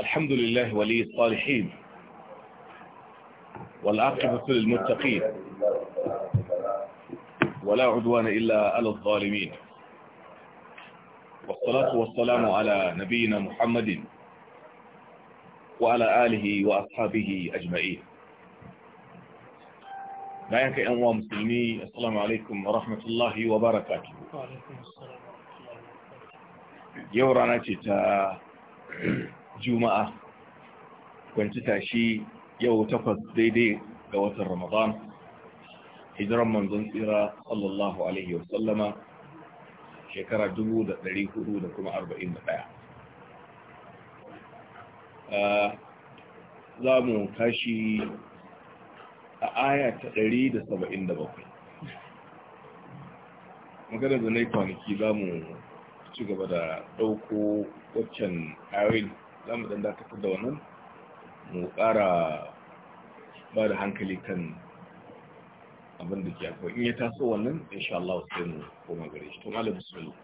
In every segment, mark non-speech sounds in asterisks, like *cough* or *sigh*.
الحمد لله ولي الصالحين والعاقبة للمتقين ولا عدوان إلا على الظالمين والصلاة والسلام على نبينا محمد وعلى آله وأصحابه أجمعين معك أنواع مسلمي السلام عليكم ورحمة الله وبركاته وعليكم السلام ورحمة الله وبركاته يورانا juma'a kwanci tashi yau takwas daidai ga watan ramadan hijiran manzon tsira sallallahu alaihi wa ta'u-sallama shekara 1441 za mu tashi a aya ta 177 magana da na kwanaki za mu ci gaba da ɗauko waccan ayoyin za mu tafi da wannan mu ƙara ba da hankali kan abin da ke akwai in ya taso wannan insha Allah sai mu koma gare shi to malam bismillah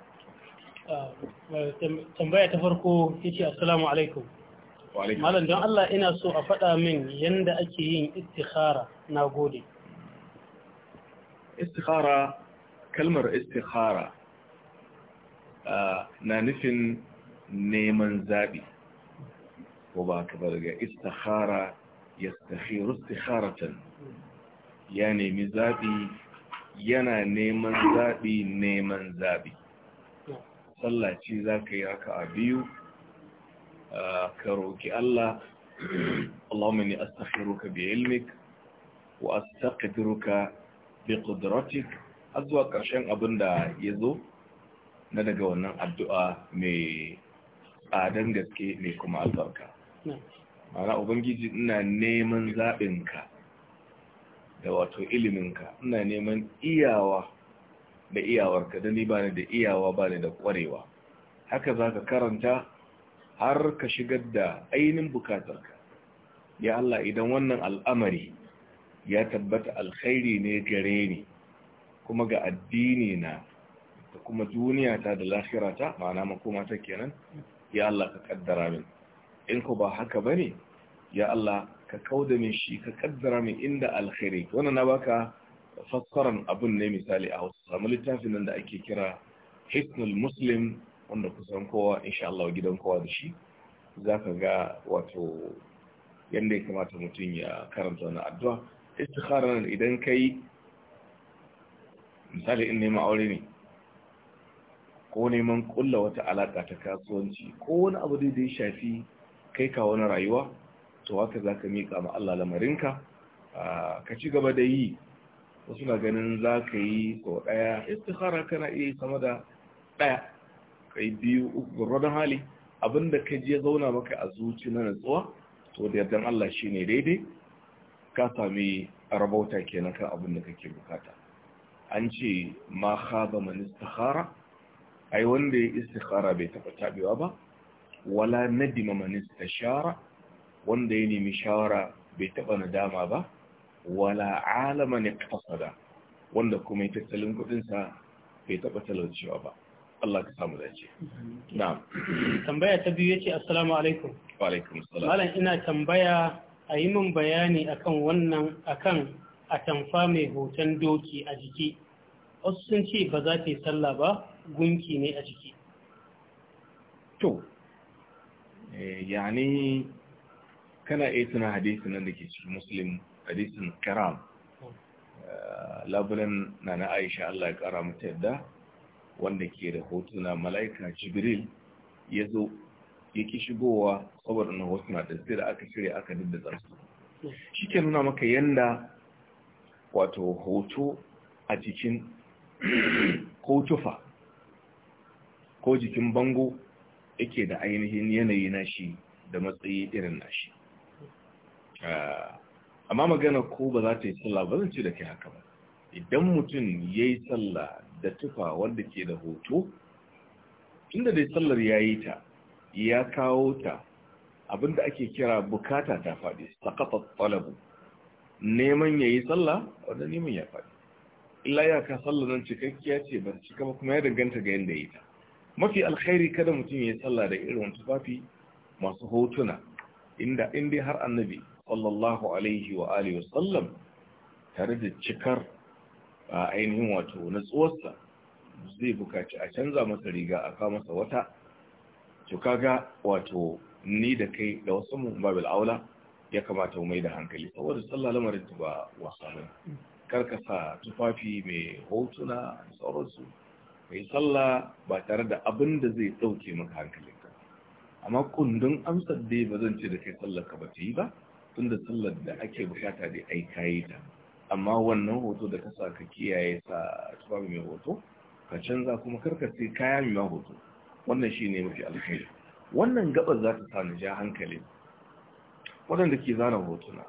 tambaya ta farko yace assalamu alaikum malam don Allah ina so a faɗa min yanda ake yin istikhara na gode istikhara kalmar istikhara ah, na nufin neman zabi وما كبر استخار يستخير Ya nemi مزابي yana neman zaɓi neman zaɓi sallaci za ka yi ka a biyu ka roƙi Allah Allahumma ni astaghfiruka bi ilmik wa astaqdiruka bi qudratik har zuwa ƙarshen abin da ya zo na daga wannan addu'a mai tsadan gaske mai kuma albarka ma'ana ubangiji ina neman zaɓinka da wato iliminka ina neman iyawa da iyawarka da ni bani da iyawa bani da ƙwarewa haka za ka karanta har ka shigar da ainihin bukatarka ya Allah idan wannan al'amari ya tabbata alkhairi ne gare ni kuma ga addini na da kuma duniya ta da lahirata ma'ana makoma ta kenan ya Allah ka kaddara min in ku ba haka ba ne ya Allah ka kauda min shi ka kaddara min inda alkhairi wannan na baka fassaran abun ne misali a wasu samu littafin nan da ake kira Hisnul Muslim wanda kusan kowa insha Allah gidan kowa da shi zaka ga wato yanda ya kamata mutum ya karanta wannan addu'a istikhara nan idan kai misali in neman aure ne ko neman kulla wata alaka ta kasuwanci ko wani abu da ya shafi kai ka wani rayuwa to haka za ka miƙa ma Allah lamarinka ka ci gaba da yi wasu na ganin za ka yi ko ɗaya istihara kana iya yi sama da ɗaya ka yi biyu uku gwargwadon hali abinda ka je zauna maka a zuci na natsuwa to da yardan Allah shi ne daidai ka sami rabauta kenan kan abin da kake bukata an ce ma khaba man ai wanda ya istikhara bai taɓa tabewa ba wala nadima man istashara wanda ya nemi shawara bai taba nadama ba wala ne iqtasada wanda kuma ya tattalin kudin sa bai taba talaucewa ba Allah ka samu dace na'am tambaya ta biyu yace assalamu alaikum wa alaikum assalam malam ina tambaya a yi min bayani akan wannan akan atamfa mai hoton doki a jiki wasu sun ce ba za ta yi sallah ba gunki ne a jiki to Eh, yani kana iya tuna hadisi nan da ke cikin muslim hadisin karam eh, Labulen na na aisha allah ya kara mata yadda wanda ke da hotuna mala'ika jibril ya zo ya ki shigowa saboda na hotuna da sai da aka shirya aka daddasa su shi ke nuna maka yanda wato hoto a cikin *clears throat* ko tufa ko jikin bango yake da ainihin yanayi na shi da matsayi irin na shi ah, amma magana ko ba za ta yi sallah ba zan ce da kai haka ba idan mutum ya yi sallah da tufa wanda ke da hoto tunda dai sallar ya yi ta ya kawo ta abinda ake kira bukata ta faɗi sakata tsalabu neman ya yi sallah wanda neman ya faɗi illa ya ka sallar nan cikakkiya ce ba cika ba kuma ya danganta ga yadda ya yi ta mafi alkhairi kada mutum ya tsalla da irin tufafi masu hotuna inda inda har annabi sallallahu alaihi wa alihi wa sallam tare da cikar a ainihin wato na zai bukaci a canza masa riga a kawo masa wata to wato ni da kai da wasu mu babil aula ya kamata mu mai da hankali saboda sallah lamarin ba wasa bane karkasa tufafi mai hotuna da sauransu ka yi sallah ba tare da abin da zai ɗauke maka hankalinka amma kundin amsar dai ba zan ce da kai sallar ka ba ta yi ba tun da sallar da ake bukata da ai kayi ta amma wannan hoto da ka sa ka kiyaye sa tuba mai hoto ka canza kuma karka sai kaya mai ma hoto wannan shi ne mafi alkhairi wannan gabar za ta sa na ja hankali waɗanda ke zana hotuna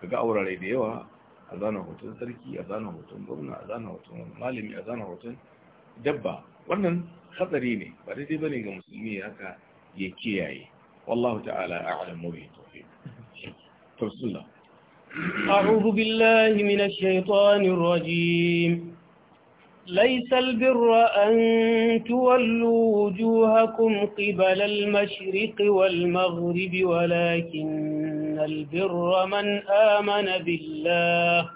ka ga aurare da yawa a zana hoton sarki a zana hoton gwamna a zana hoton malami a zana hoton dabba wannan hatsari ne ba daidai bane ga musulmi haka ya kiyaye wallahu ta'ala a'lam wa bihi tawfiq tafsila a'udhu billahi minash shaitanir rajim ليس البر أن تولوا وجوهكم قبل المشرق والمغرب ولكن البر من آمن بالله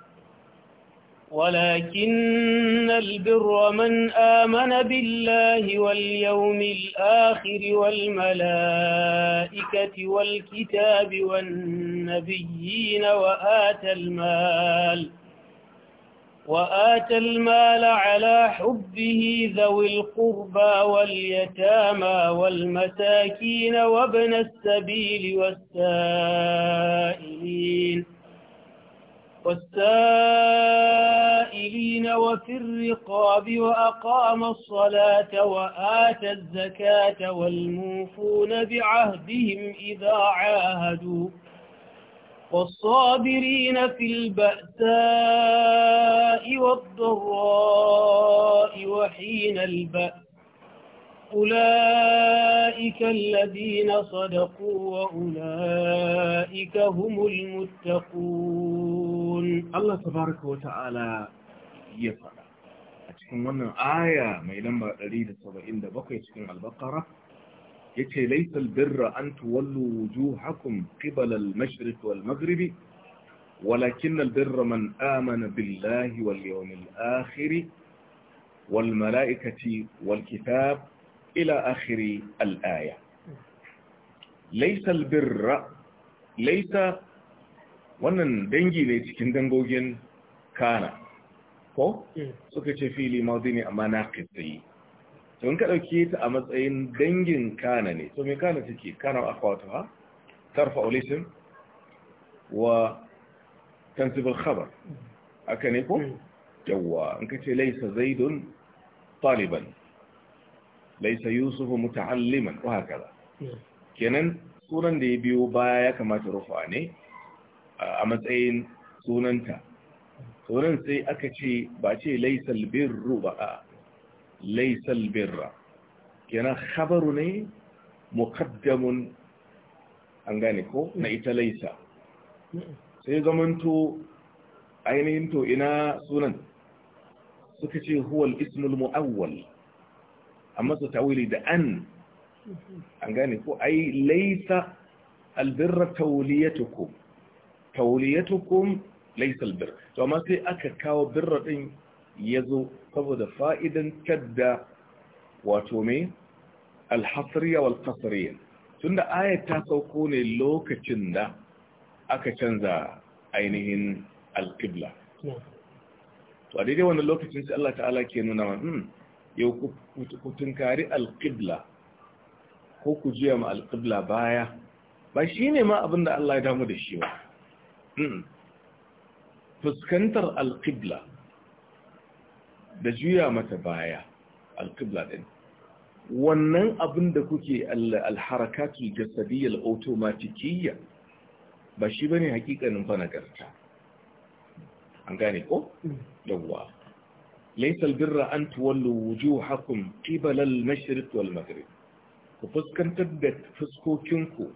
ولكن البر من آمن بالله واليوم الآخر والملائكة والكتاب والنبيين وآتى المال وآتى المال على حبه ذوي القربى واليتامى والمساكين وابن السبيل والسائلين والسائلين وفي الرقاب وأقام الصلاة وآتى الزكاة والموفون بعهدهم إذا عاهدوا والصابرين في البأساء والضراء وحين البأس أولئك الذين صدقوا وأولئك هم المتقون الله تبارك وتعالى يفعل أتكون آية من آية ما يلمى أليل الصبعين دبقى يتكون على البقرة يتي ليس البر أن تولوا وجوهكم قبل المشرق والمغرب ولكن البر من آمن بالله واليوم الآخر والملائكة والكتاب ila akhiri al'aya Laisal birra. laisa wannan dangi ne cikin dangogin kana ko hmm. suka ce fili mazi ne amma na kitsayi tun ka ɗauke ta a matsayin dangin kana ne to me kana take kana akwata ha tarfa ulisim wa tansibin khabar hmm. aka ne ko hmm. yawwa in ka ce laisa zaidun taliban laisa yusufu muta'alliman ko ba hmm. kenan sunan da ya biyo baya ya kamata rufa ne a matsayin sunanta sunan sai aka ce ba ce laisal birru ba a laisal birra kenan khabaru ne muqaddamun an gane ko na hmm. ita laisa hmm. sai zamanto ainihin to ina sunan suka ce huwal ismul mu'awwal a masa tawili da an an gane ko ai laisa albirra tawliyatukum tawliyatukum laisa albirra to amma sai aka kawo birra din yazo saboda fa'idan da wato me alhasriya wal qasriya tunda aya ta sauko ne lokacin da aka canza ainihin alqibla to a daidai wannan lokacin sai Allah ta'ala ke nuna mana hmm, yau ku tunkari alƙibla ko ku juya ma alƙibla baya ba shi ne ma abin da Allah ya damu da shi ba fuskantar alƙibla da juya mata baya alƙibla ɗin wannan abin da kuke alharakatu jasadiyyar automatikiyya ba shi ba ne hakikanin fanagarta an gane ko? Mm. ليس البر أن تولوا وجوهكم قبل المشرق والمغرب وفسكنتد فسكوكنكو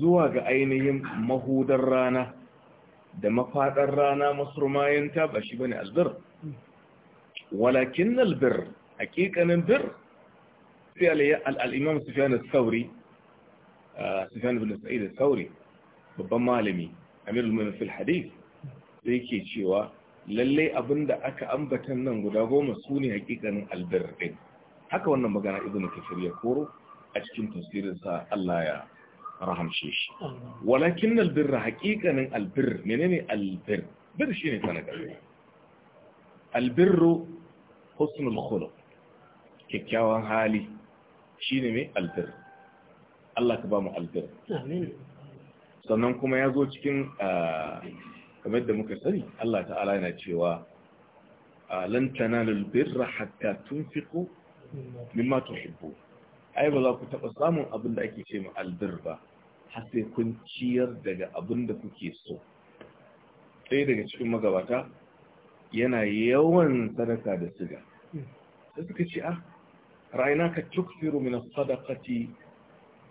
zuwa ga ainihin mahudar rana da mafaɗar rana masurmayanta ba shi bane albir walakin albir hakikanin bir sai al'imam sauri sa'id sauri babban malami amirul mumin fil sai ke cewa lallai abin da aka ambatan nan guda goma su ne hakikanin albirrin ɗin haka wannan magana izini kafir ya koro a cikin tasirinsa Allah ya rahamshe shi walakin albirra hakikanin albir menene albir bir shine sanaka albirru husnul khuluq kyakkyawan hali shine mai albir Allah ka ba mu albir amin sannan kuma ya zo cikin ah, kamar da muka sani Allah ta'ala yana cewa lan tanalul birra hatta tunfiqu mimma tuhibbu ai ba za ku taba samun abin da ake ce ma albir ba har sai kun ciyar daga abin da kuke so sai daga cikin magabata yana yawan sadaka da siga sai suka ce ah ra'ayna ka tukthiru min sadaqati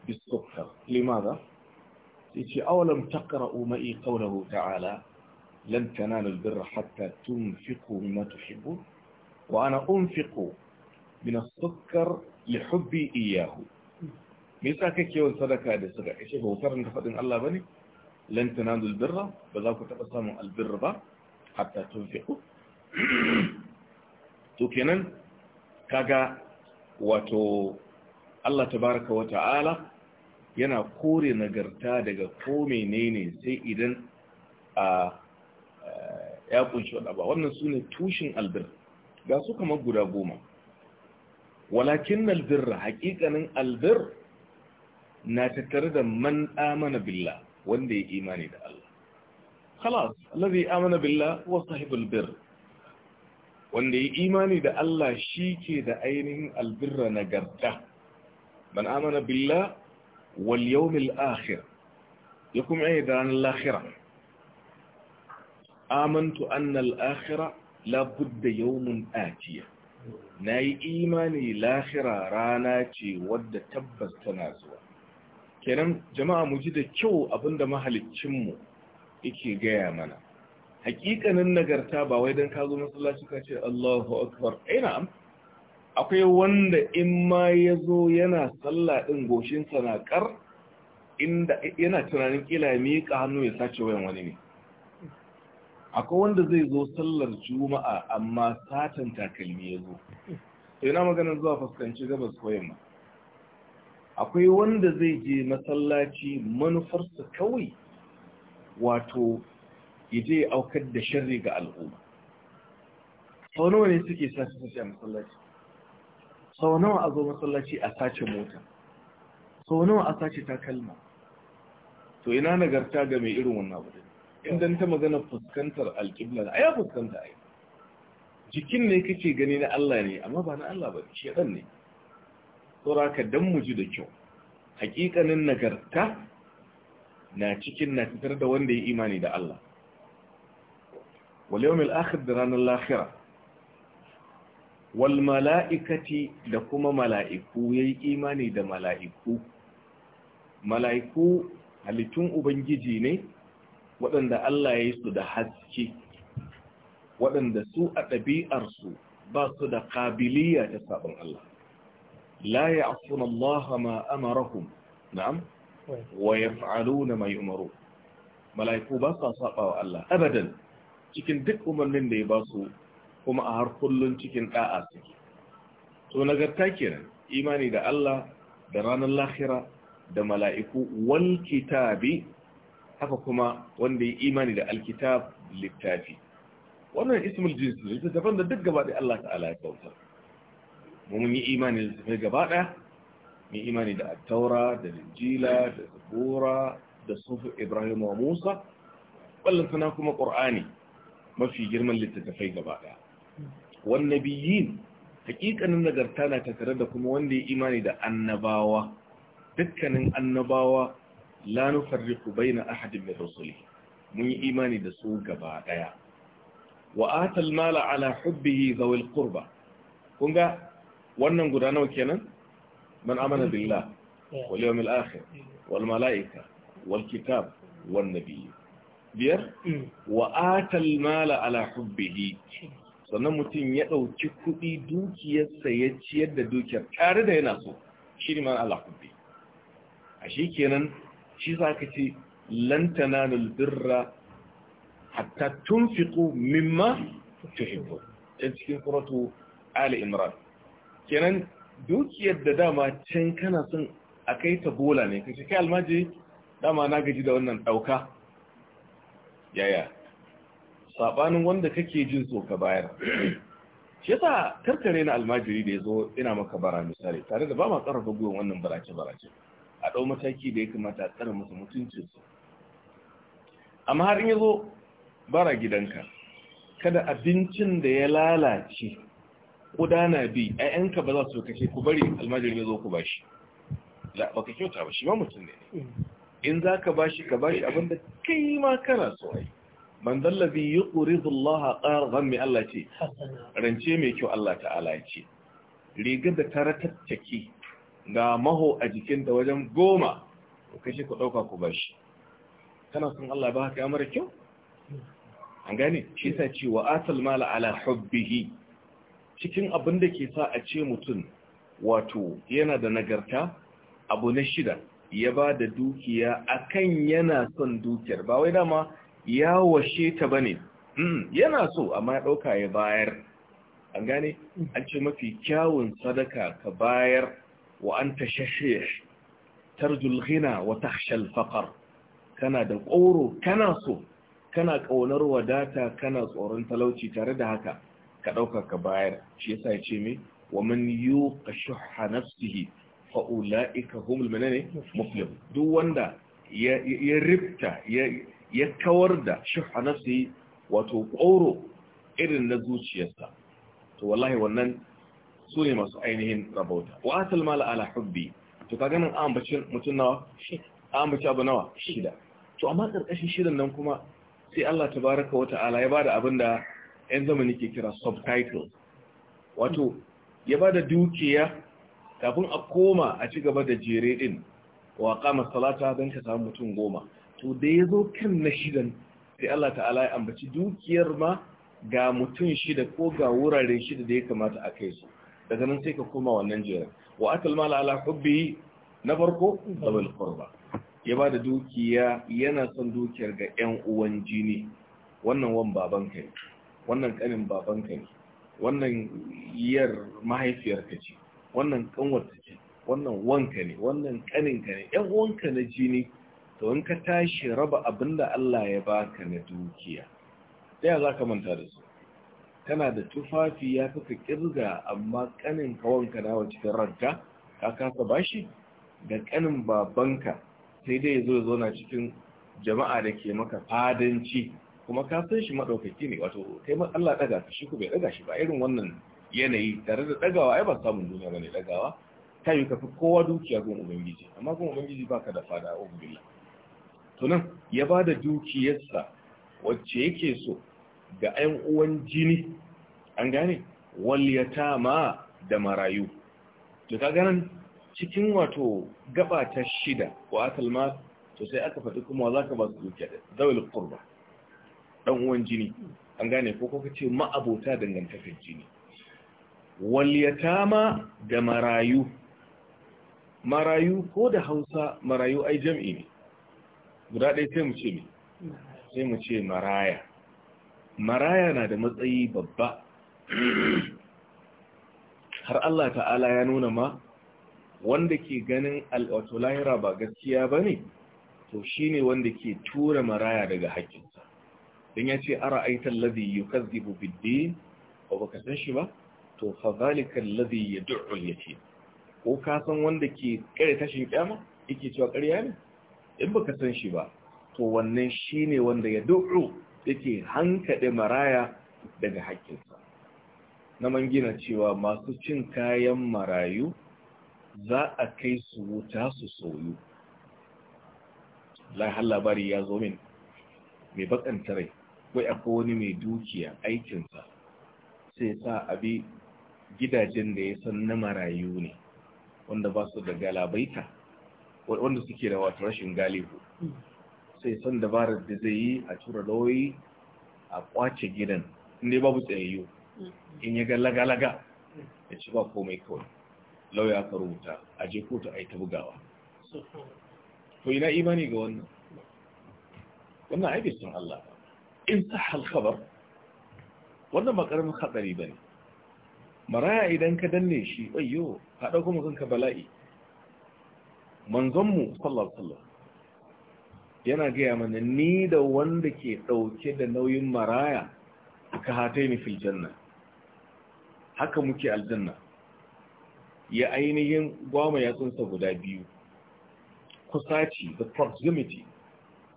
bis-sukkar limadha yace awalam taqra'u ma'i qawluhu ta'ala لن تنالوا البر حتى تنفقوا مما تحبون وأنا أنفق من السكر لحبي إياه ميسا كيكي والصدقاء دي صدق إيش هو أنت فقدن الله بني لن تنالوا البر بذلك تبصموا البر با حتى تنفقوا to kenan kaga wato Allah tabaraka wa ta'ala yana kore nagarta daga ko menene sai idan a ya kunshi wada ba wannan su ne tushin albir ga su kamar guda goma walakin albirra haƙiƙanin albir na tattare da man amana billah wanda ya imani da Allah خلاص الذي آمن بالله هو صاحب البر wanda ya imani da Allah shi ke da ainihin albirra nagarta man amana billah wal yawmil akhir ya kuma yi da ranar lahira amantu annal akhira la budda yawmun atiya nayi imani lahira rana ce wadda tabbas tana zuwa kenan jama'a mu ji da kyau abinda mahalicin mu yake gaya mana hakikanin nagarta ba wai dan kazo masallaci ka ce Allahu akbar ina akwai wanda in ma ya zo yana sallah ɗin goshin na inda yana tunanin ƙila ya miƙa hannu ya sace wayan wani ne akwai wanda zai zo sallar juma'a amma satan takalmi ya zo ina maganin zuwa fuskanci gabas ko akwai wanda zai je masallaci manufarsa kawai wato ya je ya aukar da sharri ga al'umma sau nawa ne suke sace sace a masallaci sau nawa a zo masallaci a sace mota sau nawa a sace takalma to ina nagarta ga mai irin wannan abu in ta magana fuskantar alƙibla a ya fuskanta ai jikin ne kake gani na Allah ne amma ba na Allah ba ɗan ne saboda ka dan mu ji da kyau hakikanin nagarta na cikin na fitar da wanda ya imani da Allah wal yawmil akhir da ranar lahira wal mala'ikati da kuma mala'iku yayi imani da mala'iku mala'iku halittun ubangiji ne waɗanda Allah ya yi su da haske waɗanda su a ɗabi'arsu ba su da ƙabiliya ta sabon Allah la ya asuna Allah ma amarahum na'am wa yaf'aluna ma yu'maru mala'iku ba su saba wa Allah abadan cikin duk umarnin da ya ba su kuma a har kullun cikin da'a suke to nagarta kenan imani da Allah da ranar lahira da mala'iku wal kitabi haka kuma wanda ya imani da alkitab littafi wannan ismul jins littattafan da duk gaba ɗaya Allah ta'ala ya kauta mu mun yi imani da littattafai gaba ɗaya mun imani da attaura da linjila da zabura da sufu ibrahim wa musa wallan sana kuma qur'ani mafi girman littattafai gaba ɗaya wan nabiyyin hakikanin nagarta na tattare da kuma wanda ya imani da annabawa dukkanin annabawa Lanu la nufarriqu baina ahadin mai rasuli mun yi imani da su gaba daya wa atal mala ala hubbihi zawil qurba kun ga wannan guda nawa kenan man amana billah wal yawmil akhir wal malaika wal kitab wan nabiy biyar wa atal mala ala hubbihi sannan mutum ya dauki kudi dukiyarsa ya ciyar da dukiyar tare da yana so shi ne man ala hubbi a shi kenan shi za ka ce lantana birra hatta Ku mimma tuhibbu ɗan cikin suratu ali imran kenan dukiyar da dama can kana son a kai ta bola ne kace kai almaji dama na gaji da wannan ɗauka yaya saɓanin wanda kake jin so ka bayar shi yasa karkare na almajiri da ya zo ina maka bara misali tare da ba ma karfafa wannan barace barace a ɗau mataki da ya kamata a tsara musu mutuncinsu amma har yi zo bara gidanka kada abincin da ya lalace na bi ayyanka ba za su kashe ku bari almajirin ya zo ku bashi ba ka kyauta ba shi ma mutum ne in za ka bashi ka bashi abinda kai ma kana so ai man zallabi yi Allah ƙarar mai Allah ce rance mai kyau Allah ta'ala ce rigar da ta ratattake ga maho a jikinta wajen goma ku shi ku ɗauka ku bashi kana son Allah ba haka mara kyau an gane shi sa ce wa asal mala ala hubbihi cikin abin da ke sa a ce mutum wato yana da nagarta abu na shida ya ba da dukiya akan yana son dukiyar ba wai dama ya washe ta bane hmm, yana so amma ya ɗauka ya bayar an gane an ce mafi kyawun sadaka ka bayar وأنت شحيح ترجو الغنى وتخشى الفقر كان دا قورو كان صو كان قونر وداتا كان صورن تلوشي تارد هكا كدوكا كباير شيسا يتشيمي ومن يوق شح نفسه فأولئك هم المناني مفلم دو واندا يربتا يكوردا شح نفسه وتقورو إرن نزوشي يسا والله wannan su ne masu ainihin rabauta wa atal mala ala hubbi to ka ganin an bace nawa an abu nawa shida to amma karkashin shirin nan kuma sai Allah tabaraka wa ta'ala ya bada abin da yan zamani ke kira subtitles wato ya bada dukiya kafin a koma a ci gaba da jere din wa qama salata dan ka samu mutum goma to da yazo kan na shidan sai Allah ta'ala ya ambaci dukiyar ma ga mutum shida ko ga wuraren shida da ya kamata a kai su daga nan sai ka koma wannan jiran wa akal mala ala hubbi na farko zawil qurba ya bada dukiya yana son dukiyar ga ƴan uwan jini wannan wan baban kai wannan kanin baban kai wannan yar mahaifiyar ka ce wannan kanwar ta ce wannan wanka ne wannan kanin ka ne ƴan uwanka na jini to in ka tashi raba abinda Allah ya baka na dukiya sai za ka manta da su kana da tufafi ya fi ka kirga amma kanin kawanka nawa cikin ranka ka kasa bashi da kanin babanka sai dai zo zauna cikin jama'a da ke maka fadanci kuma ka san shi madaukaki ne wato kai ma Allah daga shi ku bai daga shi ba irin wannan yanayi tare da dagawa ai ba samun duniya bane dagawa ta yi kafi kowa dukiya gun ubangiji amma gun ubangiji baka da fada ubangiji to nan ya bada dukiyarsa wacce yake so ga 'yan uwan jini an gane waliyata ma da marayu to ka ganin cikin wato gaba ta shida wa atalma to sai aka faɗi kuma za ka ba su duke da zawil kurba ɗan uwan jini an gane ko kuka ce ma'abota dangantakar jini waliyata ma da marayu marayu ko da hausa marayu ai jam'i ne guda ɗaya sai mu ce ne sai mu ce maraya maraya na da matsayi babba *clears throat* har Allah ta'ala ya nuna ma wanda ke ganin al'ato lahira ba gaskiya ba ne to shi ne wanda ke tura maraya daga haƙƙinsa don ya ce ara aitan lazi yi kazzibu bidde ba ba san shi ba to fazalikan lazi ya du'ul ya ce ko ka san wanda ke kare tashin kyama yake cewa ƙarya ne in ba ka san shi ba to wannan shi ne wanda ya du'u yake hankade maraya daga haƙƙinsa na gina cewa masu cin kayan marayu za a kai su wuta su soyu lahar labari ya zo min mai bakanta rai wai akwai wani mai dukiya aikinsa sai sa abi gidajen da ya san na marayu ne wanda ba su da galabaita wanda suke da wato rashin galihu hmm. sai san dabarar da zai yi a tura lauyi a kwace gidan inda babu tsayayyo mm. in ya ga laga-laga ya ci ba komai kawai lauya ka rubuta a je kotu a yi ta bugawa to ina imani ga wannan wannan aiki sun Allah in sa halkabar wannan ba karamin hatsari ba ne maraya idan ka danne shi ayyo ka ɗauko kanka bala'i manzonmu sallallahu alaihi yana gaya mana ni da wanda ke ɗauke da nauyin maraya ka hatai ni fil janna haka muke aljanna ya ainihin gwama yatsunsa guda biyu kusaci the proximity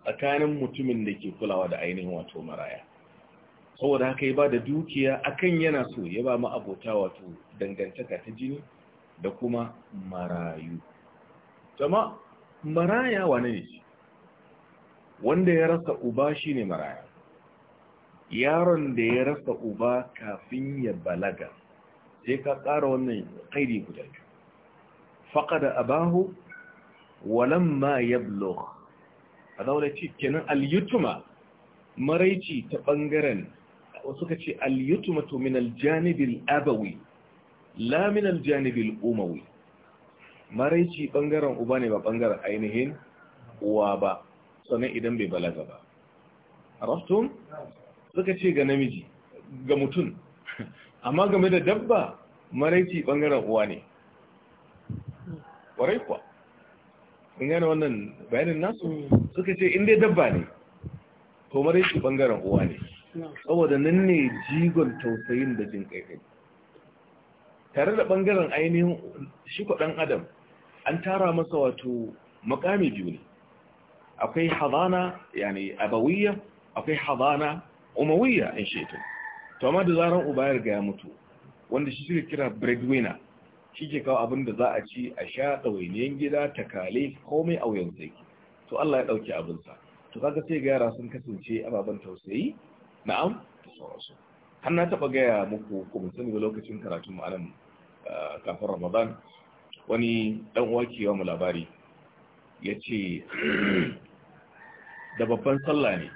tsakanin mutumin da ke kulawa da ainihin wato maraya saboda haka ya ba da dukiya akan yana so ya ba ma abota wato dangantaka ta jini da kuma marayu Jama'a maraya wane ne shi wanda ya rasa uba shine maraya yaron da ya rasa uba kafin ya balaga sai ka tsara wannan kaidi guda biyu faqada abahu walamma ya adaula ce kenan al-yutma maraici ta bangaren suka ce al to min aljanibin abawi la min umawi maraici ɓangaren uba ne ba ɓangaren ainihin uwa ba sannan idan bai balaga ba rastun suka ce ga namiji ga mutum amma game da dabba maraici bangaren uwa ne warai kuwa in gane wannan bayanin nasu hmm. suka ce inda dabba ne to maraici bangaren uwa ne hmm. saboda nan ne jigon tausayin da jin kai tare da bangaren ainihin shi kwaɗan adam an tara masa wato makami biyu ne akwai hadana yani abawiyya akwai hadana umawiyya in shaitan to amma da zarar uba ya riga ya mutu wanda shi suke kira breadwinner shi ke kawo abin da za a ci a sha ɗawainiyan gida ta takale komai a wuyan zai to Allah ya ɗauki abinsa to kaga sai ga yara sun kasance ababen tausayi na'am da sauransu har na taɓa gaya muku ko mun sani lokacin karatun mu anan eh, kafin Ramadan wani dan uwa ke mu labari ya ce da babban sallah ne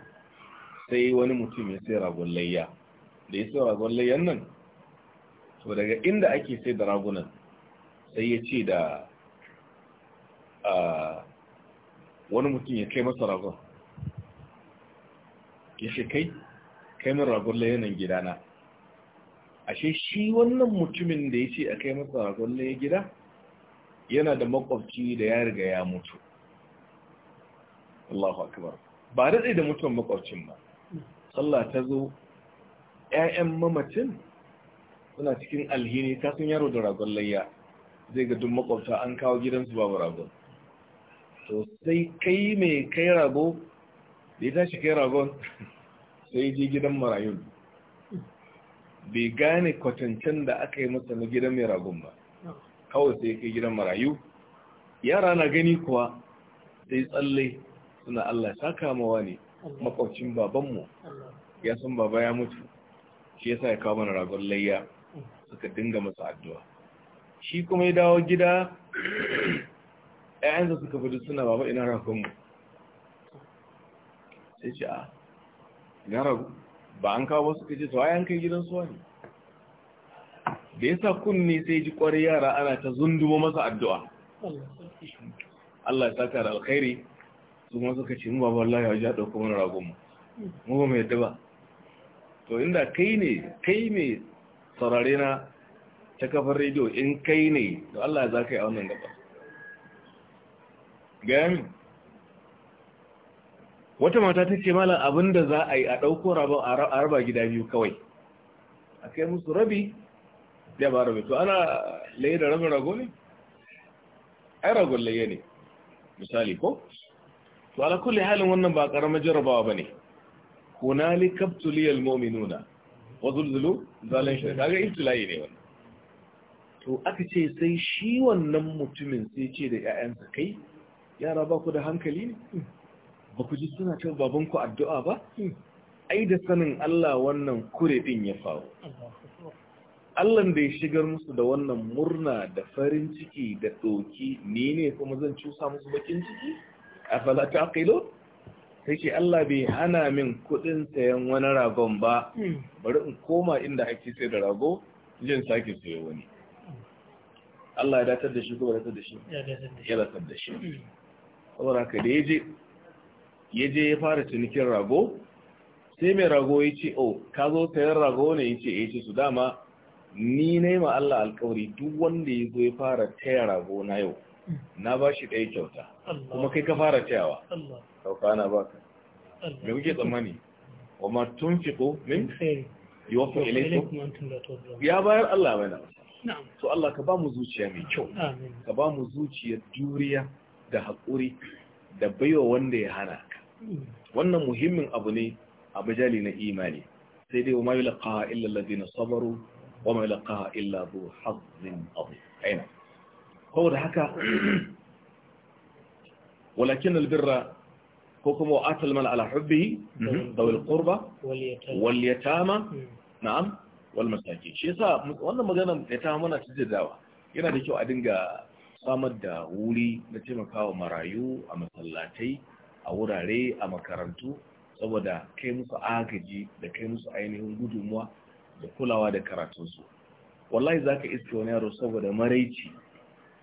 sai wani mutum ya sai ragon layya da ya sai ragon layyan nan to daga inda ake sai da ragunan sai ya ce da wani mutum ya kai masa ragon ya ce kai kai min ragon layyanan gidana ashe shi wannan mutumin da ya ce a kai masa ragon layyan gida yana da makwabci da ya riga ya mutu Allahu akbar ba daɗe da mutuwan makwabcin ba sallah ta zo ƴaƴan mamacin suna cikin alhini ta sun yaro da ragon layya zai ga duk makwabta an kawo gidansu babu ragon to sai kai mai kai rago da ya tashi kai ragon sai je gidan marayun bai gane kwatancen da aka yi masa na gidan mai ragon ba kawai sai kai gidan marayu yara na gani kuwa sai tsalle suna Allah ta kamawa ne makwacin babanmu ya san baba ya mutu shi ya sa ya kawo mana ragon layya suka dinga masa addu'a shi kuma ya dawo gida ƴaƴansa suka fito suna baba ina ragonmu sai ce a ina rago ba an kawo wasu kaji to ai an kai gidan suwa ne da sa kunne sai ji kwarai yara ana ta zundumo masa addu'a Allah ya saka da alkhairi su ma suka ce mu ba wallahi a dauko mana ragon mu mu ba mu yadda ba to inda kai ne kai ne saurare na ta kafar rediyo in kai ne to Allah za ka yi a wannan gaba gami wata mata ta ce malam abinda za a yi a ɗauko rabon a raba gida biyu kawai a kai musu rabi ya ba rabi to ana laye da rabin rago ne ai ragon laye ne misali ko to ala kulli halin wannan ba karamar jarabawa bane hunalika ibtuliyal mu'minuna wa zulzulu zalan shi kaga ibtilai ne wannan to aka ce sai shi wannan mutumin sai ce da ƴaƴansa kai yara ba ku da hankali ne ba ku ji suna cewa babanku addu'a ba ai da sanin Allah wannan kure din ya faru Allah da ya shigar musu da wannan murna da farin ciki da doki ni ne kuma zan cusa musu bakin ciki afala taqilu sai ce Allah bai hana min kudin sayan wani ragon ba hmm. bari in koma inda ake sai da rago jin sake sai wani Allah ya datar da shi ko datar da shi ya datar da shi hmm. saboda ka da yaje ya fara cinikin rago sai mai rago ya ce o oh, ka zo sayan rago ne ya ce eh, ya ce su dama ni ne ma Allah alkawari duk wanda ya zo ya fara taya rago na yau na ba shi ɗaya kyauta kuma kai ka fara cewa sauka na ka. mai muke tsammani wa ma tun fiko min yiwafa ilaikum ya bayar Allah bai na so Allah ka ba mu zuciya mai kyau ka ba mu zuciya juriya da haƙuri da baiwa wanda ya hana ka hmm. wannan muhimmin abu ne a bajali na imani sai dai wa ma yulqaha illa alladhina sabaru wa ma yulqaha illa dhu hazzin abu aina da haka walakin albirra ko kuma wa atal mal ala hubbihi mhm. dawil qurba wal yatama hmm. na'am wal masaki shi yasa wannan magana da ta mana dawa. yana da kyau a dinga samar da wuri na taimakawa marayu a masallatai a wurare a makarantu saboda kai musu agaji da kai musu ainihin gudunmuwa da kulawa da karatunsu wallahi zaka iske wani yaro saboda maraici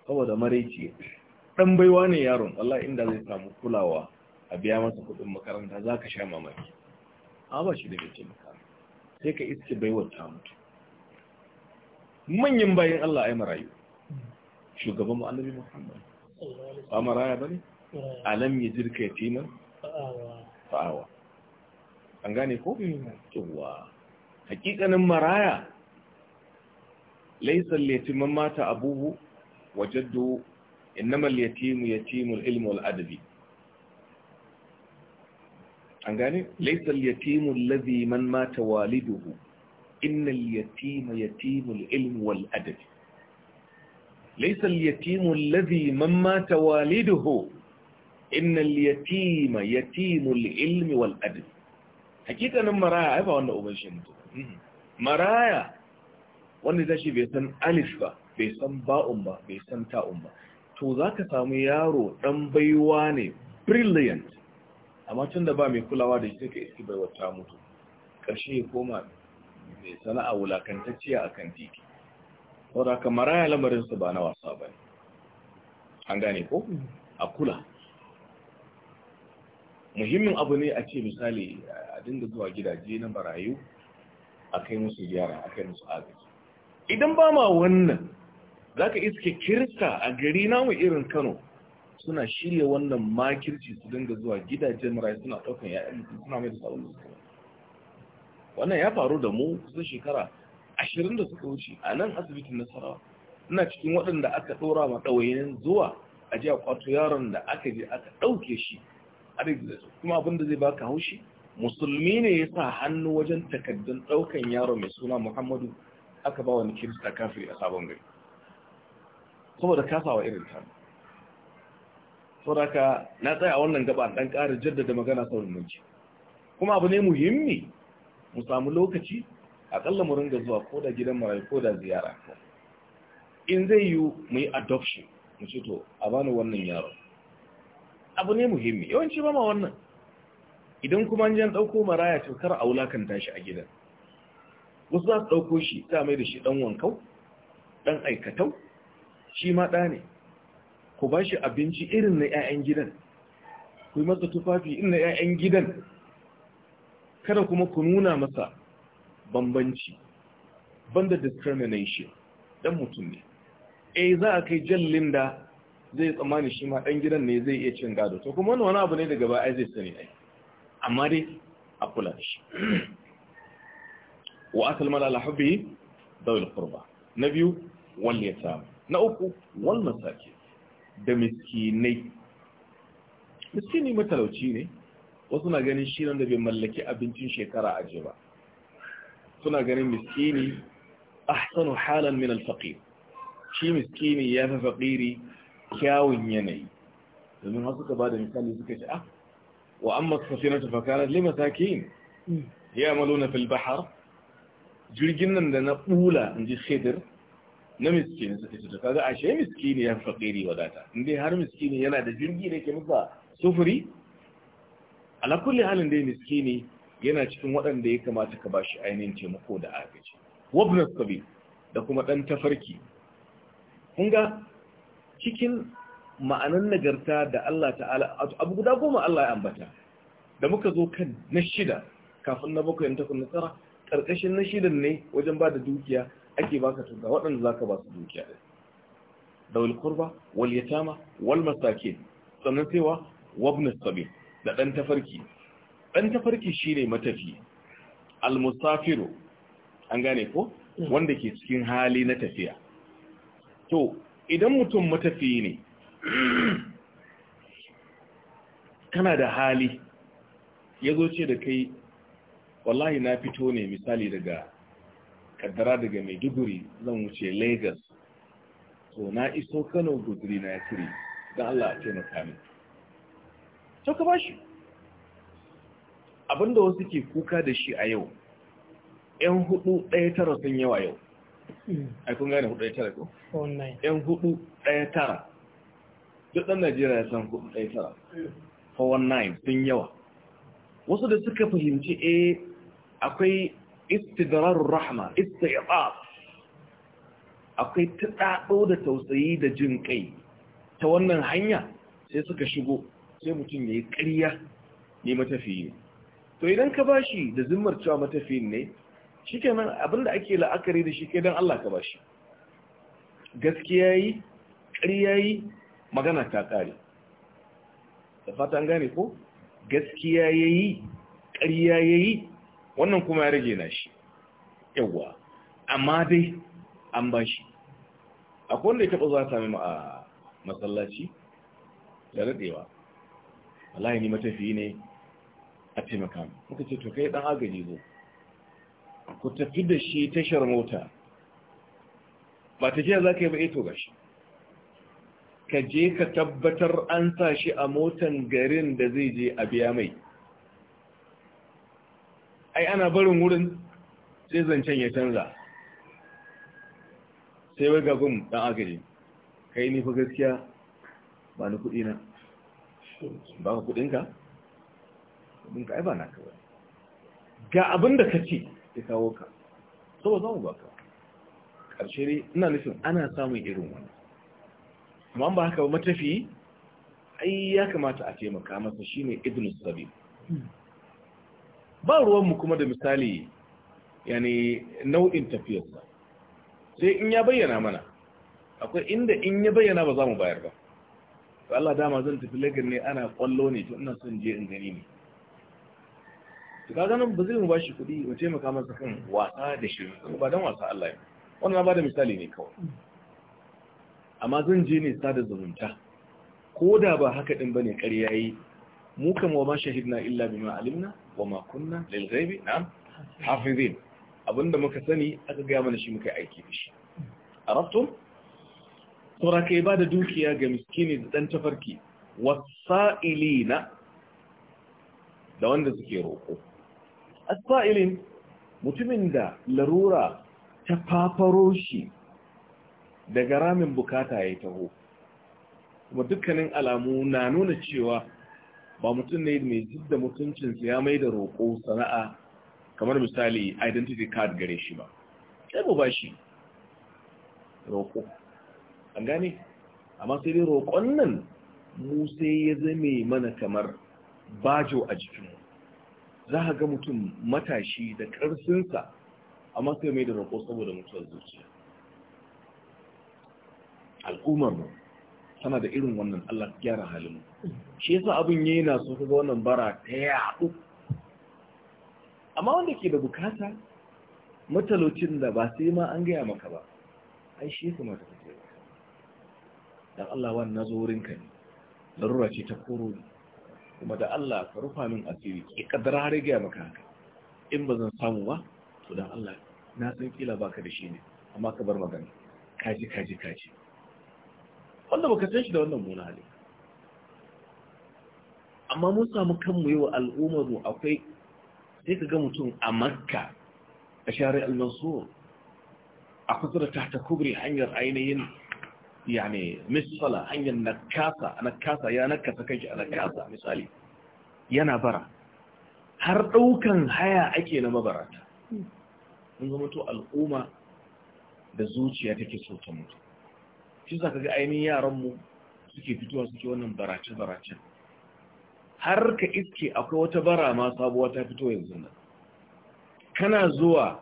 saboda maraici dan baiwa ne yaron Allah inda zai samu kulawa a biya masa kudin makaranta za ka sha mamaki a ba shi da bai sai ka iske baiwar ta mutu manyan bayan Allah ai marayu shugaban annabi Muhammad ba maraya bane alam yajirka yatiman fa'awa an gane ko cewa hakikanin maraya laysa yatiman mata abuhu وجدوا إنما اليتيم يتيم العلم والأدب أنقاني ليس اليتيم الذي من مات والده إن اليتيم يتيم العلم والأدب ليس اليتيم الذي من مات والده إن اليتيم يتيم العلم والأدب حقيقة أنا مرايا عيبا وأنا أبنشي مرايا وأنا ذا شيء بيسن ألف bai san ba'un ba bai san ta'un ba to za ka samu yaro ɗan baiwa ne brilliant amma tun da ba mai kulawa da shi ka iski baiwa ta mutu ƙarshe ya koma mai sana'a wulakantacciya a kan titi saboda ka maraya lamarinsu ba na wasa ba an gane ko a kula muhimmin abu ne a ce misali a dinga zuwa gidaje na barayu a kai musu gyara a kai musu agaji idan ba ma wannan za ka iske kirista a gari namu irin kano suna shirya wannan makirci su dinga zuwa gidajen marayu suna ɗaukan ya'yan suna mai da sabon su wannan ya faru da mu kusan shekara ashirin da suka wuce a nan asibitin nasarawa ina cikin waɗanda aka ɗora ma ɗawayen zuwa a ji kwato yaron da aka je aka ɗauke shi kuma abin da zai baka haushi musulmi ne ya sa hannu wajen takaddun ɗaukan yaron mai suna muhammadu aka ba wani kirista kafiri a sabon gari saboda kasawa irin ta saboda na tsaya a wannan gaba dan ƙara jaddada magana da manci kuma abu ne muhimmi mu samu lokaci akalla mu ringa zuwa ko da gidan marayu ko da ziyara in zai yi mu yi adoption mu ce to a bani wannan yaro abu ne muhimmi yawanci ba ma wannan idan kuma an jan ɗauko maraya to kar a kan shi a gidan wasu za su ɗauko shi ta mai da shi ɗan wankau ɗan aikatau shi ma ɗa ne ku ba shi abinci irin na 'ya'yan gidan ku yi masa tufafi irin na 'ya'yan gidan kada kuma ku nuna masa bambanci banda discrimination dan mutum ne E, za a kai jallin Linda zai tsammani shi ma ɗan gidan ne zai iya cin gado to kuma wani abu ne daga ba a zai sani ai amma dai a kula da shi wa asal mala la hubbi dawil qurba na biyu wal samu. na uku wal masaki da miskinai miskini matalauci ne wasu na ganin shi da bai mallaki abincin shekara a ba suna ganin miskini ahsanu halan min alfaqir shi miskini ya fi faqiri kyawun yanayi domin har suka bada misali suka ce ah wa amma safinatu fa kanat limasakin mm. ya'maluna fil bahar jirgin nan da na bula ji khidir na miskini suka ce to kaga ashe miskini ya fakiri wadata in dai har miskini yana da jirgi da ke musa sufuri ala kulli halin dai miskini yana cikin waɗanda ya kamata ka bashi ainihin taimako da agaji wabna sabi da kuma ɗan tafarki kun ga cikin ma'anan nagarta da Allah ta'ala abu guda goma Allah ya ambata da muka zo kan na shida kafin na bakwai ta kun nasara karkashin na shidan ne wajen bada dukiya ake baka to ga waɗanda ka ba su dukiya din dawul qurba wal yatama wal masakin sannan sai wa wabn da dan tafarki dan tafarki shine matafi al musafiru an gane ko mm. wanda ke cikin hali na tafiya to idan mutum matafi ne *clears throat* kana da hali ya zo ce da kai wallahi na fito ne misali daga kaddara daga maiduguri zan wuce lagos to na iso kano guduri na ya kiri don allah a taimaka min to ka bashi abinda wasu ke kuka da shi a yau yan hudu ɗaya tara sun yawa yau ai kun gane hudu ɗaya tara ko? yan hudu ɗaya tara duk ɗan najeriya ya san hudu ɗaya tara 419 sun yawa wasu da suka fahimci eh akwai istidrar rahma istiqaf akwai tudado da tausayi da jin kai ta wannan hanya sai suka shigo sai mutum yayi ƙarya ne matafiyi to idan ka bashi da zimmar cewa matafiyin ne shikenan abinda ake la'akari da shi kai dan Allah ka bashi gaskiya yi ƙarya yi magana ta kare da fatan gane ko gaskiya yayi ƙarya yayi wannan kuma ya rage na shi yawwa amma dai an ba shi akwai wanda ya taɓa zuwa sami a masallaci da radewa. wallahi ni matafi ne a taimaka muka ce to kai ɗan agaji zo ku tafi da shi tashar mota ba tafiya za ka yi ba eto eh ga shi ka je ka tabbatar an sa shi a motan garin da zai je a biya mai ai ana barin wurin sai zancen ya canza sai wai gabin dan agaji kai ni fa gaskiya ba ni kuɗi na ba ka kudin ka ai ba na ka ba ga abin da ka ce kawo ka saboda za mu ba ka ne ina nufin ana samun irin wani amma ba haka ba matafi ai ya kamata a taimaka masa shine idin sabi ba ruwanmu kuma da misali yani nau'in tafiyarsa sai in ya bayyana mana akwai inda in ya bayyana ba za mu bayar ba Allah dama zan tafi lagar ne ana kwallo ne to ina son je in gani ne to ka nan ba zai mu bashi kuɗi mu taimaka masa kan wasa da shi ba dan wasa Allah ya wannan ba da misali ne kawai amma zan je ne sada zumunta ko da ba haka din bane ƙarya yi mu kam wa ma shahidna illa bima alimna wa ma kunna lil ghaibi na'am hafizin abinda muka sani aka ga mana shi muka aiki da shi arabtum sura kai ba da dukiya ga miskini da dan tafarki wasailina da wanda suke roko asailin mutumin da larura ta fafaro daga ramin bukata ya taho kuma dukkanin alamu na nuna cewa ba mutum ne mai jidda mutuncinsa ya mai da roƙo sana'a kamar misali identity card gare shi ba sai mu ba shi roƙo an gane amma sai dai roƙon nan Musa ya zame mana kamar bajo a jikinmu za a ga mutum matashi da ƙarfinsa amma sai mai da roƙo saboda mutuwar zuciya al'ummar tana da irin wannan Allah gyara halin shi yasa abin yayi na so kaga wannan bara ta yaɗu amma wanda ke da bukata matalocin da ba sai ma an gaya maka ba ai shi kuma ta ce dan Allah wannan nazo wurin ka ne larura ce ta koro kuma da Allah ka rufa min asiri ki kadara har gaya maka haka in ba zan samu ba to dan Allah na san kila baka da shi ne amma ka bar magana kaji kaji kaji wanda baka san shi da wannan muna amma mun samu kanmu yau al'ummar mu akwai sai ka ga mutum a makka a shari'a al-mansur a kusa da tahta kubri hanyar ainihin yani misala hanyar nakasa nakasa ya nakasa kanshi a nakasa misali yana bara har ɗaukan haya ake na mabarata in zama to al'umma da zuciya take so ta mutu shi za ka ga ainihin yaranmu suke fitowa suke wannan barace-barace har ka iske akwai wata bara ma sabuwa ta fito yanzu nan kana zuwa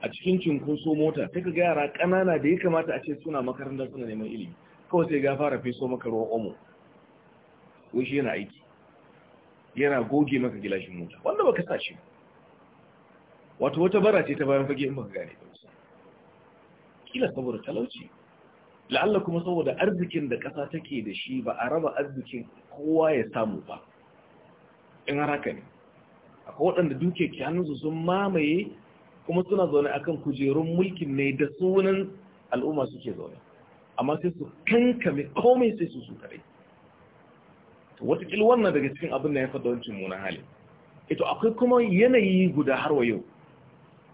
a cikin cinkoso mota sai ka ga yara ƙanana da ya kamata a ce suna makarantar suna neman ilimi kawai sai ga fara feso maka ruwan omo shi yana aiki yana goge maka gilashin mota wanda baka sa shi wato wata bara ce ta bayan fage in baka gane ba kila saboda talauci la'alla kuma saboda arzikin da ƙasa take da shi ba a raba arzikin kowa ya samu ba in haraka ne akwai waɗanda duke kyanunsu sun mamaye kuma suna zaune akan kujerun mulkin ne da sunan al'umma suke zaune amma sai su kankame komai sai su su Wataƙila wannan daga cikin abin da ya faɗa wancin munan hali ito akwai kuma yanayi guda har wa yau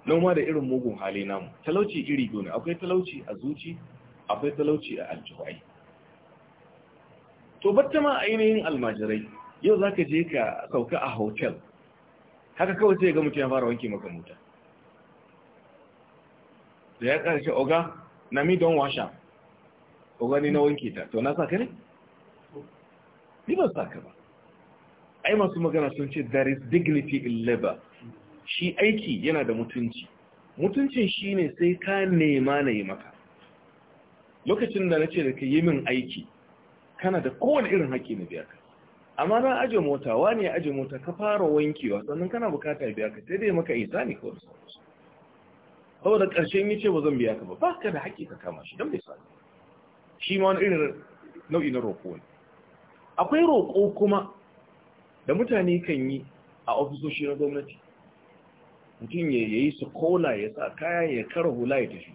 noma da irin mugun hali namu talauci iri gona akwai talauci a zuci akwai talauci a aljuhai to batta ma ainihin almajirai yau za ka je ka sauka a hotel haka kawai sai ga mutum ya fara wanke maka mota da ya ƙarshe oga na mi don washa oga ni na wanke ta to na saka ne? ni ban saka ba ai masu magana sun ce there is dignity in labor shi aiki yana da mutunci mutuncin shi ne sai ka nema na yi maka lokacin da na ce da ka yi min aiki kana da kowane irin haƙƙi na biya ka amma na aje mota wani ya aje mota ka fara wankewa sannan kana bukata biya ka sai dai maka isa ne kawai saboda ƙarshen ya ce ba zan biya ka ba ba ka da haƙi ka kama shi don bai sa shi ma wani irin nau'i na roƙo ne akwai roƙo kuma da mutane kan yi a ofisoshi na gwamnati mutum ya yi su kola ya sa kaya ya kara hula ya tafi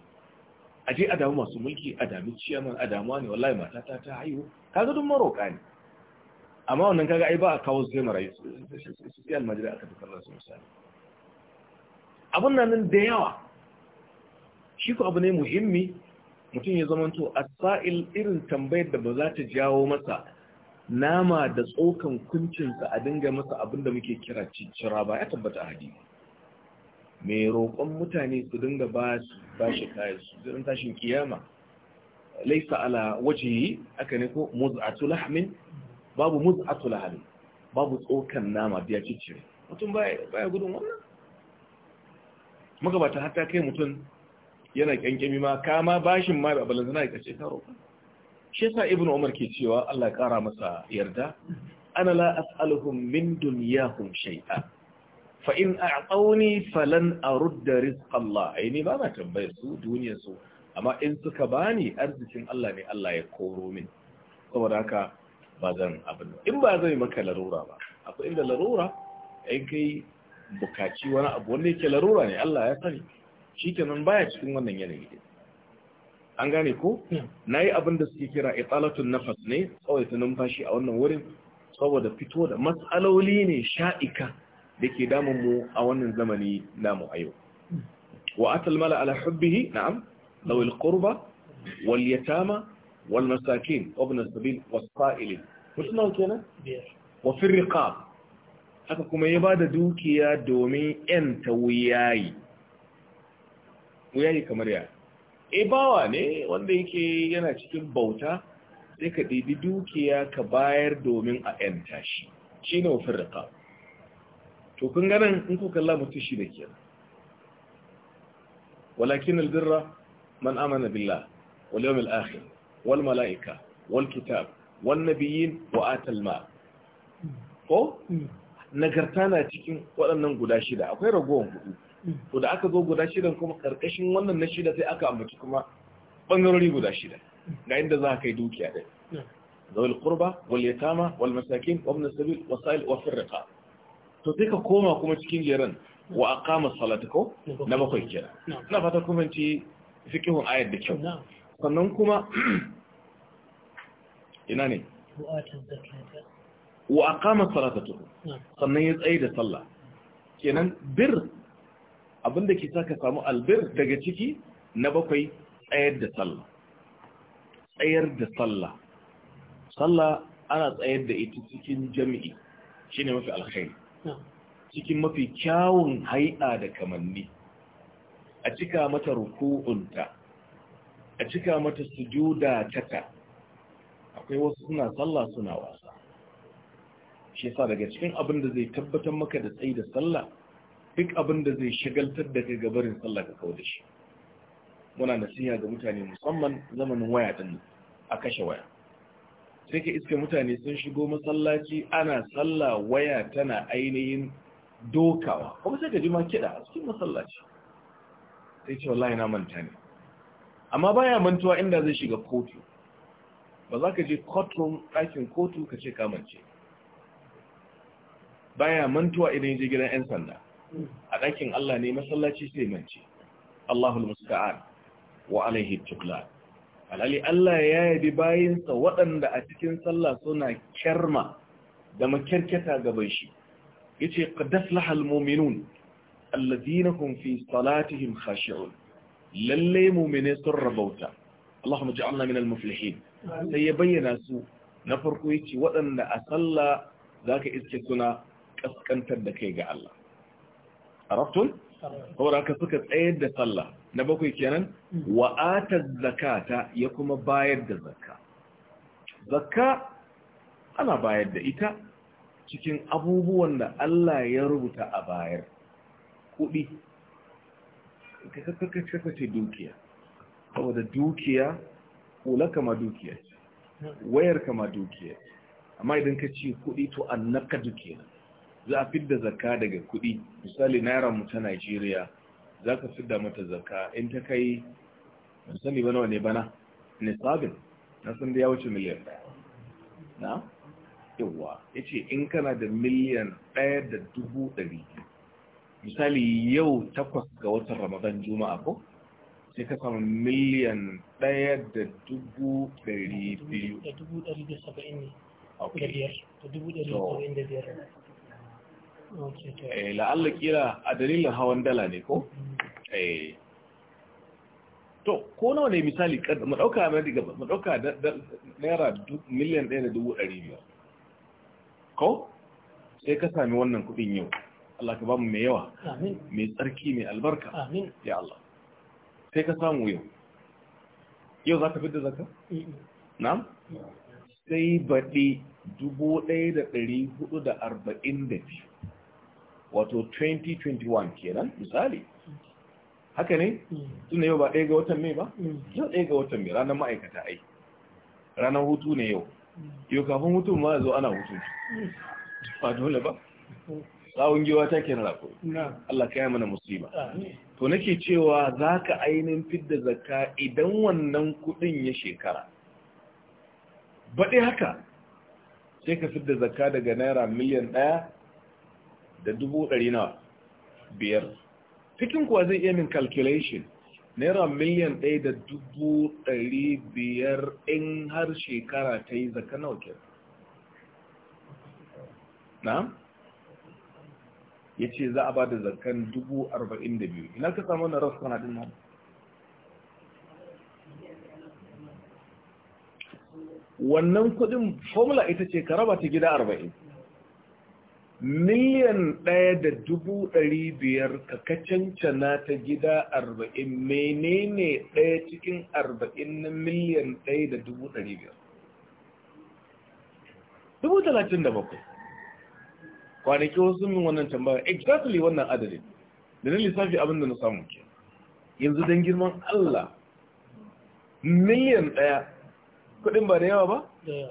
a je a damu masu mulki a damu ciyaman a damuwa ne wallahi mata ta ta haihu kaga duk maroka ne amma wannan kaga ai ba a kawo zai marayu su fi almajira aka dukkan nasu misali abun nan da yawa shi ko abu ne muhimmi mutum ya zamanto Sa'il, irin tambayar da ba za ta jawo masa nama da tsokan kuncinsa a dinga masa abin da muke kira cicira ba ya tabbata a hadisi mai roƙon mutane su dinga ba su bashi kayan su zirin tashin kiyama laisa ala yi aka ne ko muz'atu lahmin babu muz'atu lahmin babu tsokan nama biya ciccire mutum baya gudun wannan magabata hatta kai mutum yana kyankyami ma kama bashin ma babalan zana ya kace karo shi yasa ibnu umar ke cewa Allah ya kara masa yarda ana la as'aluhum min dunyahum shay'a fa in tsauni falan arudda rizq Allah ai ni ba na tambayar su duniyar su amma in suka bani arzikin Allah ne Allah ya koro min saboda haka ba zan abin in ba zai maka larura ba akwai inda larura in kai bukaci wani abu wanda yake larura ne Allah ya sani shi nan baya cikin wannan yanayi an gane ko hmm. na yi abin da suke kira italatun nafas ne tsawaita numfashi a wannan wurin saboda fito da matsaloli ne sha'ika da ke damunmu a wannan zamani namu a yau wa atal mala ala hubbihi na'am lawil qurba wal yatama wal masakin ibn fa'ilin wasa'il mutuna kenan wa fi haka kuma ya bada dukiya domin 'yanta wuyayi. wuyayi kamar ya e bawa ne wanda yake yana cikin bauta sai ka ɗibi dukiya ka bayar domin a ‘yanta shi shi ne wafin riƙa to kun ganin in ku kalla mutum shi da ke walakin albirra man amana billah wal yawm al akhir wal malaika wal kitab wal nabiyyin wa atal ko nagarta na cikin waɗannan guda shida akwai ragowar hudu to da aka zo guda shidan kuma karkashin wannan na shida sai aka ambaci kuma bangarori guda shida ga inda za ka yi dukiya ɗin zawil qurba wal yatama wal masakin wa ibn sabil wasail wa firqa to sai ka koma kuma cikin jeran wa aqama salata ko na bakwai kenan ina fata kuma ci fiqhun ayat da kyau sannan kuma ina ne wa aqama salata sannan ya tsaye da sallah kenan bir abinda ke saka samu albir daga ciki na bakwai tsayar da sallah tsayar da sallah sallah ana tsayar da ita cikin jami'i shine mafi alkhairi cikin mafi kyawun hai'a da kamanni a cika mata ruku'unta a cika mata sujuda taka akwai wasu suna sallah suna wasa shi yasa daga cikin abin da zai tabbatar maka da tsayi da sallah duk abin da zai shagaltar da kai gabarin sallah ka kawo da shi muna nasiha ga mutane musamman zamanin waya din a kashe waya sai ka iska mutane sun shigo masallaci ana sallah waya tana ainihin dokawa kuma sai ka ji ma kiɗa a cikin masallaci sai ce wallahi na manta ne amma baya mantuwa inda zai shiga kotu ba za ka je courtroom ɗakin kotu ka ce kamance baya mantuwa idan je gidan 'yan sanda a ɗakin Allah ne masallaci sai mance Allahul musta'an wa alaihi tuqlan alhali Allah ya yabi bayinsa waɗanda a cikin sallah suna kyarma da makyarkyata gaban shi yace qad aflaha almu'minun alladhina hum fi salatihim khashi'un lalle mu'mine sun rabauta Allahumma ij'alna min sai ya bayyana su na farko yace waɗanda a sallah zaka iske suna kaskantar da kai ga Allah arabtun saboda haka suka tsayar da sallah na bakwai kenan wa zakata ya kuma bayar da zakka zakka ana bayar da ita cikin abubuwan da Allah ya rubuta a bayar kuɗi ka ce dukiya saboda dukiya kula kama dukiya wayar kama dukiya amma idan ka ce kuɗi to annaka dukiya za a fidda zakka daga kuɗi misali naira mu ta Najeriya za ka fidda mata zakka in ta kai misali bana wane bana nisabin na san da ya wuce miliyan ɗaya na yawa ya ce in kana da miliyan ɗaya da dubu ɗari misali yau takwas ga watan ramadan juma'a ko sai ka samu miliyan ɗaya da dubu ɗari biyu da dubu ɗari da saba'in ne da biyar eh la'alla kira a dalilin hawan dala ne ko mm. eh to ko nawa ne misali mu dauka mai diga mu dauka naira miliyan 1.500 ko sai ka sami wannan kudin yau Allah ka bamu mai yawa mai tsarki mai albarka ya Allah sai ka samu yau yau za ka fi da zaka? na'am? sai baɗi 1442 wato 2021 kenan misali hmm. haka ne hmm. tun yau ba ɗaya ga watan mai ba hmm. yau ɗaya ga watan mai ranar ma'aikata ai ranar hutu ne yau yau kafin hutu ma zo ana hutu ba dole ba tsawon giwa ta kenan rako Allah ka yi mana musulma to nake cewa za ka ainihin fidda zakka idan wannan kudin ya shekara baɗi haka sai ka fidda zakka daga naira miliyan ɗaya da dubu ɗari na biyar cikin kuwa zai iya min calculation naira miliyan ɗaya da dubu ɗari biyar in har shekara ta yi zaka nauke na? ya ce za a ba da zakan dubu arba'in da biyu ina ka samu na rasu kanadin nan wannan kudin formula ita ce ka raba ta gida arba'in miliyan ɗaya da dubu ɗari biyar ka kacancana ta gida arba'in menene ɗaya cikin arba'in na miliyan ɗaya da dubu ɗari biyar dubu talatin da bakwai kwanaki wasu min wannan tambaya exactly wannan adadin da na lissafi abinda na samu ke yanzu don girman Allah miliyan ɗaya kudin ba da yawa ba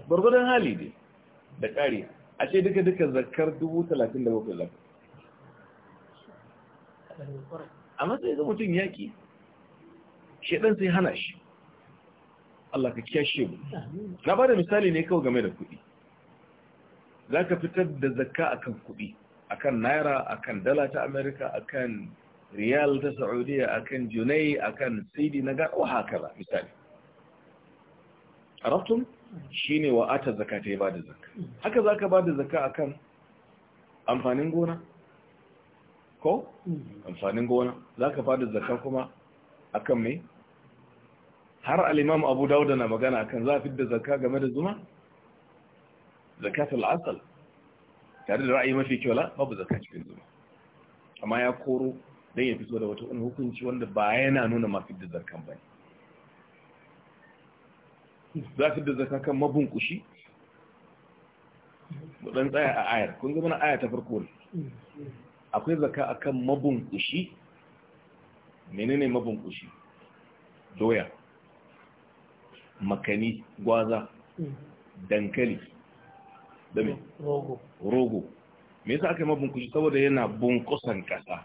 bargwadon hali ne da ƙari a ce duka duka zakar 37,000 lafi a matsayin ga mutum yaƙi shaɗan sai hana shi Allah ka kyashe mu na ba da misali ne kawai game da kuɗi za ka fitar da zakka akan kuɗi akan naira akan dala ta amerika akan riyal ta saudiya akan junai akan saidi na ga oh, haka ba misali a rafton shine wa ata zakata ya bada zakka haka zaka bada zakka akan amfanin gona ko amfanin gona zaka bada zakka kuma akan me har al-imam Abu Dawud na magana akan za fi da zakka game da zuma zakatul asal tare da ra'ayi mafi kyau la babu zakka cikin zuma amma ya koro dan ya fito da wata hukunci wanda ba yana nuna mafi da zakkan bane za su da zaka kan kushi dan tsaya a ayar kun zama na aya ta farko ne akwai zaka akan kushi menene kushi doya makani gwaza dankali da me rogo me yasa aka yi kushi saboda yana bunkusan kasa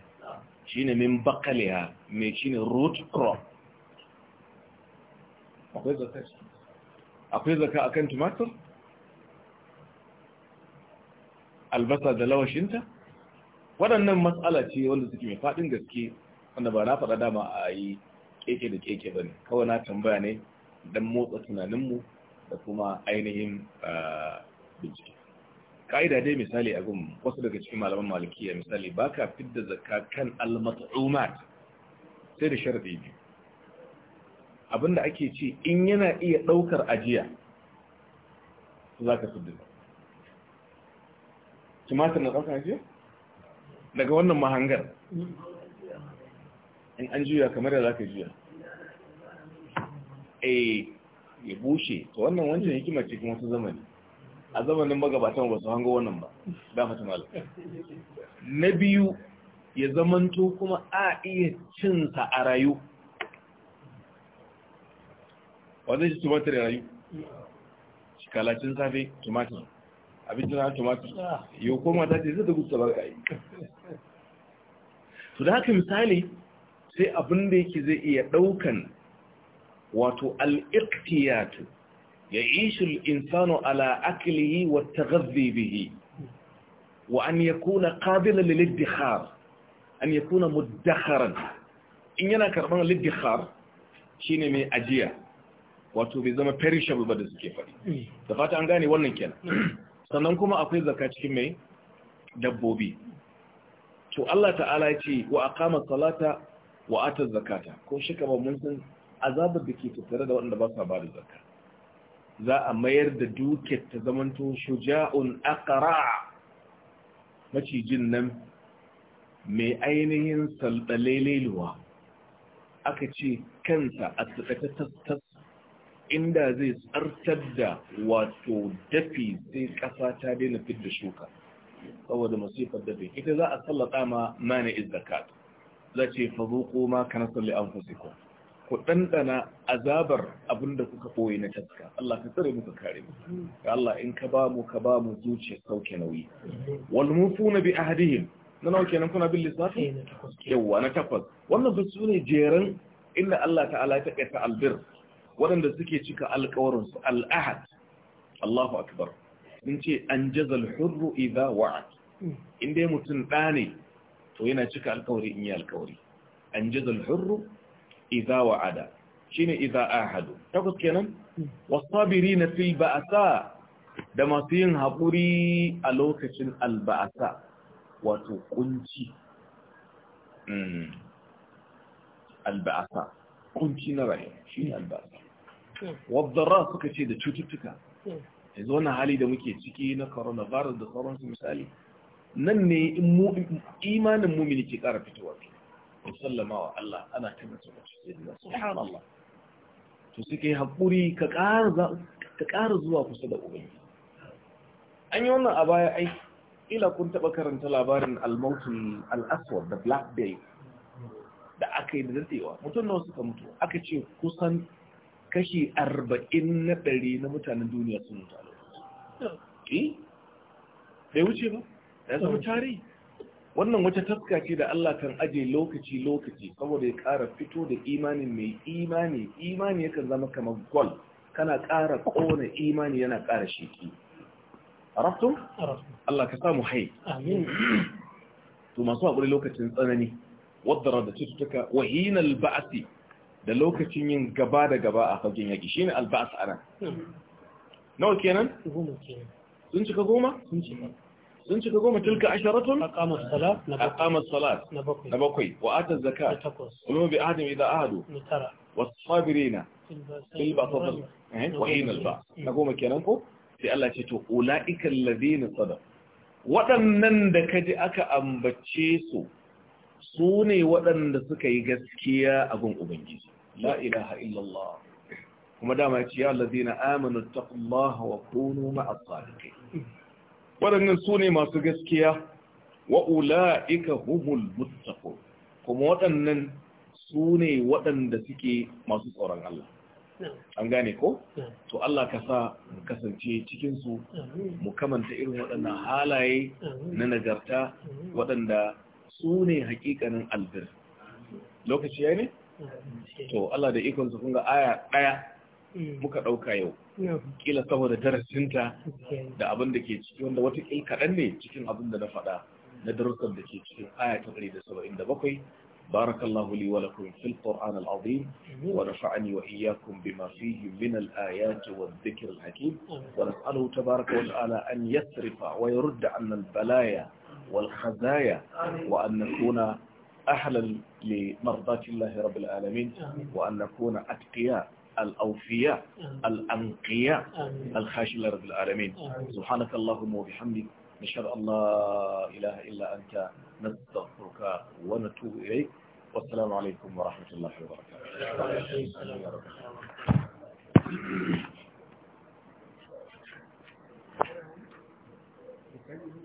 shine min bakaliya mai shine root crop akwai zaka shi akwai zaka akan tumatir albasa da lawashinta waɗannan matsala ce wanda suke mai faɗin gaske wanda ba na faɗa dama a yi keke da keke ba ne kawai na tambaya ne don motsa tunaninmu da kuma ainihin bincike ƙa'ida dai misali a gun wasu daga cikin malaman malikiya misali ba ka fidda zaka kan mat sai da sharadi biyu abinda ake ce in yana iya ɗaukar ajiya za ka sudu tumatir na ɗaukar ajiya daga wannan mahangar in an juya kamar da za ka juya eh ya bushe ta wannan wancan hikimar cikin wasu zamani a zamanin magabatan ba su hango wannan ba dama ta na biyu ya zamanto kuma a iya cinsa a rayu wanda shi tumatir ya rayu kalacin safe tumatir abincin na tumatir yau koma ta ce zai da gusta barka yi to da haka misali sai abin da yake zai iya ɗaukan wato al'iktiyatu ya ishul insano ala akilihi wa taghazzi bihi wa an yakuna qabilan lil iddikhar an yakuna mudakharan in yana karban al iddikhar shine mai ajiya wato bai zama perishable ba da suke faɗi hmm. da fata an gane wannan kenan hmm. sannan kuma akwai zakka cikin mai dabbobi to Allah ta'ala ya ce wa aqama salata wa ata zakata ko shi kaba mun san azabar da ke tattare da waɗanda ba sa ba da zakka za a mayar da duket ta zamanto shuja'un aqra macijin nan mai ainihin salbalelewa aka ce kansa a ta inda zai tsartar da wato dafi sai ƙasa ta daina fit da shuka saboda masifar dafi ita za a sallata ma mana izzakat za ce zuƙo ma kana salli an fusiko ku ɗanɗana azabar abinda kuka ɓoye na taska Allah ka tsare muka kare mu ga Allah in ka ba mu ka ba mu zuciya sauke nauyi wal mufuna bi ahdihim na nawa kenan kuna bin lissafi eh, yawa na takwas wannan duk sune jeran inda Allah ta'ala ta taƙaita albir waɗanda suke cika alƙawarinsu al'ahad Allahu akbar in ce an jazal hurru idha wa'ad inda dai mutum ɗa ne to yana cika alkawari in yi alkawari an jazal hurru idha wa'ada shine idha ahadu takwas kenan wasabirina fil ba'sa da masu yin haƙuri a lokacin alba'asa wato kunci mm. alba'asa kunci na rayu shi ne alba'asa wadda suka ce da cututtuka yanzu na hali da muke ciki na coronavirus da sauransu misali nan ne imanin mumin ke kara fitowa musallama wa Allah ana tabbata da cikin subhanallah to suke haƙuri ka ƙara zuwa kusa da ubangiji an yi wannan a baya ai ila kun taɓa karanta labarin almautin al'aswar da black day da aka yi da daɗewa mutum na wasu ka mutu aka ce kusan kashi arba'in na ɗari na mutanen duniya sun mutu a lokaci. Eh? Bai wuce ba, ya zama tarihi. Wannan wata taska ce da Allah kan aje lokaci-lokaci saboda ya ƙara fito da imanin mai imani, imani yakan zama kamar gwal, kana ƙara ƙona imani yana ƙara sheki. Araftun? Allah ka samu hai. Amin. To masu haƙuri lokacin tsanani, wadda da cututtuka, wahinal ba'asi, da lokacin yin gaba da gaba a fagen yaƙi shi ne alba'as a nan nawa kenan? sun cika goma? sun cika goma tilka asharatun? aqamar salat na bakwai wa atar zaka kuma bi adam idan ahadu wasu sabirina filba sabir eh, wahin alba na goma kenan ko? sai Allah ce to ula'ikan ladina sadar waɗannan da kaji aka ambace su su ne waɗanda suka yi gaskiya a gun ubangiji la ilaha illallah kuma dama ya ce ya allazina amanu taqullaha wa kunu ma'as waɗannan su ne masu gaskiya wa ula'ika humul muttaqun kuma waɗannan su ne waɗanda suke masu tsoron Allah an gane ko to Allah ka sa mu kasance cikin su mu kamanta irin waɗannan halaye na nagarta waɗanda su ne hakikanin albir lokaci ya to Allah da ikon su kunga aya daya muka ɗauka yau kila saboda darasinta da abin da ke ciki wanda wata kil kaɗan ne cikin abinda na faɗa na darussan da ke cikin aya ta ɗari da saba'in da bakwai barakallahu li wa lakum al azim wa rafa'ani wa iyyakum bima fihi min al ayat wa dhikr al hakim wa nas'aluhu ta'ala an yasrifa wa yurda 'anna balaya والخزايا وأن نكون أهلا لمرضاة الله رب العالمين وأن نكون أتقياء الأوفياء الأنقياء الخاشع رب العالمين سبحانك اللهم وبحمدك نشهد أن لا إله إلا أنت نستغفرك ونتوب إليك والسلام عليكم ورحمة الله وبركاته